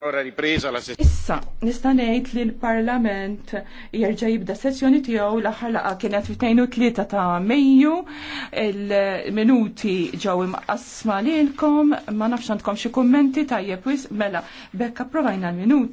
Ora ripresa la sessjoni. Issa, nista' ngħid li l-Parlament jerġa' jibda sessjoni tiegħu l-aħħar laqgħa kienet fit tlieta ta' Mejju. Il-minuti ġew imqasma lilkom, ma nafx għandkom xi kummenti tajjeb wisq mela bekk approvajna l-minuti.